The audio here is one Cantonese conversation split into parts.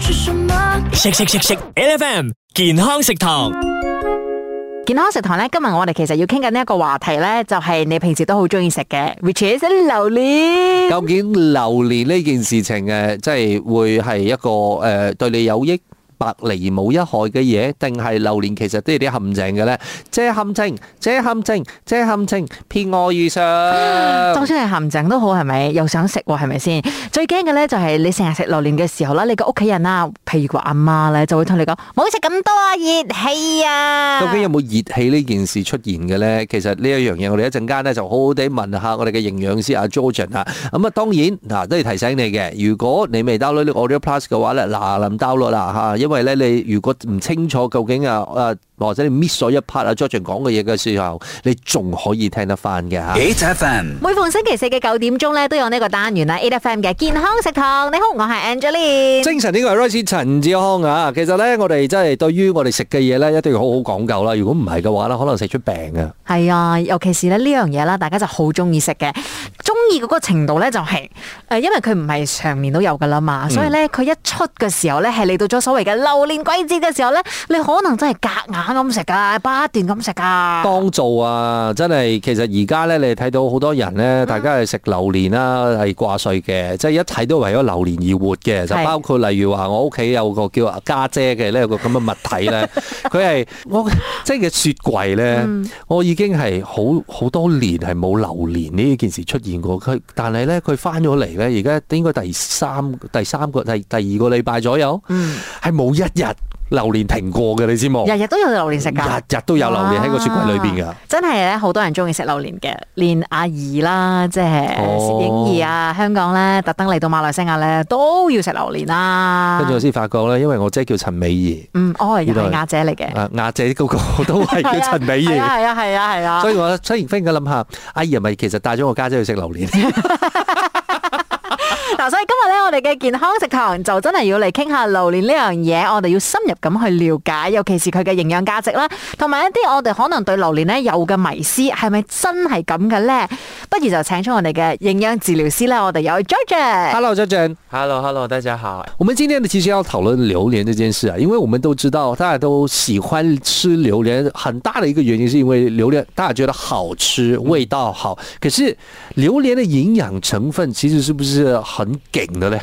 食食食食，L F M 健康食堂，健康食堂咧，今日我哋其實要傾緊呢一個話題咧，就係你平時都好中意食嘅，which is 榴蓮。究竟榴蓮呢件事情誒，即係會係一個誒、呃，對你有益？百利無一害嘅嘢，定係榴蓮其實都有啲陷阱嘅呢？遮陷阱，遮陷阱，遮陷阱，偏我遇上、啊。就算係陷阱都好，係咪？又想食喎，係咪先？最驚嘅呢，就係你成日食榴蓮嘅時候啦，你個屋企人啊！係如果阿媽咧就會同你講，唔好食咁多啊，熱氣啊！究竟有冇熱氣呢件事出現嘅咧？其實呢一樣嘢，我哋一陣間咧就好好地問下我哋嘅營養師阿 Geogern 啊。咁啊，當然嗱都係提醒你嘅，如果你未 download 呢 Audio Plus 嘅話咧，嗱，臨 download 啦吓，因為咧你如果唔清楚究竟啊啊～或者你 miss 咗一 part 啊 Geogern 講嘅嘢嘅時候，你仲可以聽得翻嘅吓。A T F M，每逢星期四嘅九點鐘咧，都有呢個單元啦。A T F M 嘅健康食堂，你好，我係 Angela。精神呢個係 Rice 陳志康啊。其實咧，我哋真係對於我哋食嘅嘢咧，一定要好好講究啦。如果唔係嘅話咧，可能食出病啊。係啊，尤其是咧呢樣嘢啦，大家就好中意食嘅，中意嗰個程度咧就係、是、誒，因為佢唔係常年都有噶啦嘛，嗯、所以咧佢一出嘅時候咧，係嚟到咗所謂嘅榴蓮季節嘅時候咧，你可能真係夾硬。咁食噶，不斷咁食噶。當造啊，真係，其實而家咧，你睇到好多人咧，大家係食榴蓮啦，係掛帥嘅，即係一切都為咗榴蓮而活嘅。就包括例如話，我屋企有個叫家姐嘅呢有個咁嘅物體咧，佢係 我即係嘅雪櫃咧，嗯、我已經係好好多年係冇榴蓮呢件事出現過。佢但係咧，佢翻咗嚟咧，而家應該第三、第三個、第第二個禮拜左右，嗯，係冇一日。榴蓮停過嘅你知冇？日日都有榴蓮食噶，日日都有榴蓮喺個雪櫃裏邊噶，啊啊。真係咧，好多人中意食榴蓮嘅，連阿姨啦，即係攝影兒啊，哦、香港咧特登嚟到馬來西亞咧都要食榴蓮啦。跟住我先發覺咧，因為我姐叫陳美儀，嗯，哦，以又係亞姐嚟嘅，亞、啊、姐個個都係叫陳美儀，係啊係啊係啊。啊啊啊啊啊所以我突然忽然咁諗下，阿姨係咪其實帶咗我家姐，姐去食榴蓮？ 所以今日呢我哋嘅健康食堂就真係要嚟傾下榴蓮呢樣嘢，我哋要深入咁去了解，尤其是佢嘅營養價值啦，同埋一啲我哋可能對榴蓮有嘅迷思，係咪真係咁嘅呢？不如就請出我哋嘅營養治療師呢。我哋有 Geogern。Hello，Geogern。Hello，Hello，大家好。我們今天呢，其實要討論榴蓮呢件事啊，因為我們都知道，大家都喜歡吃榴蓮，很大的一個原因，是因為榴蓮大家覺得好吃，味道好。可是榴蓮嘅營養成分，其實是不是？很勁的？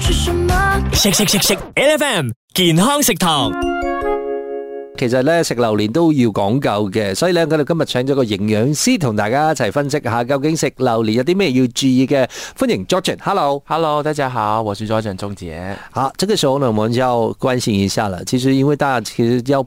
食食食食 L F M 健康食堂，其實咧食榴蓮都要講究嘅，所以呢，我哋今日請咗個營養師同大家一齊分析下，究竟食榴蓮有啲咩要注意嘅？歡迎 g e o h g e h e l l o h e l l o 大家好，我是左進忠子。好、啊，這個時候呢，我們要關心一下啦。其實因為大家其實要。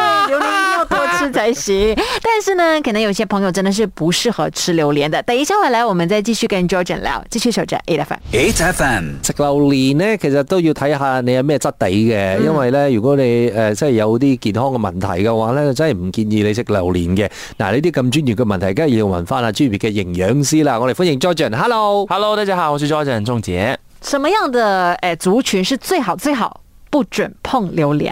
才行， 但是呢，可能有些朋友真的是不適合吃榴蓮的。等一下，回來我們再繼續跟 Geogern 聊，繼續守着 eight FM，eight FM 食榴蓮呢，其實都要睇下你有咩質地嘅，嗯、因為呢，如果你誒真係有啲健康嘅問題嘅話呢，就真係唔建議你食榴蓮嘅。嗱呢啲咁專業嘅問題，梗係要問翻阿專業嘅營養師啦。我哋歡迎 Geogern，Hello，Hello 大家好，我是 Geogern 鍾姐。什麼樣的誒、呃、族群是最好最好不准碰榴蓮？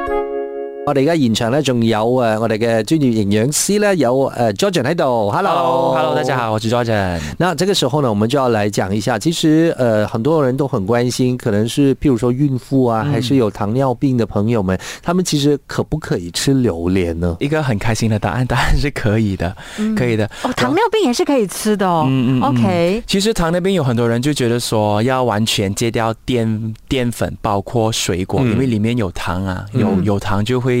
我哋而家現場呢、啊，仲有我哋嘅專業營養師呢，有誒呃、Geogern 喺度。Hello，Hello，hello, 大家好，我係 Geogern。那這個時候呢，我們就要來講一下。其實呃很多人都很關心，可能是譬如說孕婦啊，還是有糖尿病的朋友們，他、嗯、們其實可不可以吃榴蓮呢？一個很開心的答案，答案是可以的，嗯、可以的。哦，糖尿病也是可以吃的哦。OK，其實糖尿病有很多人就覺得說，要完全戒掉澱粉，包括水果，嗯、因為裏面有糖啊，有、嗯、有糖就會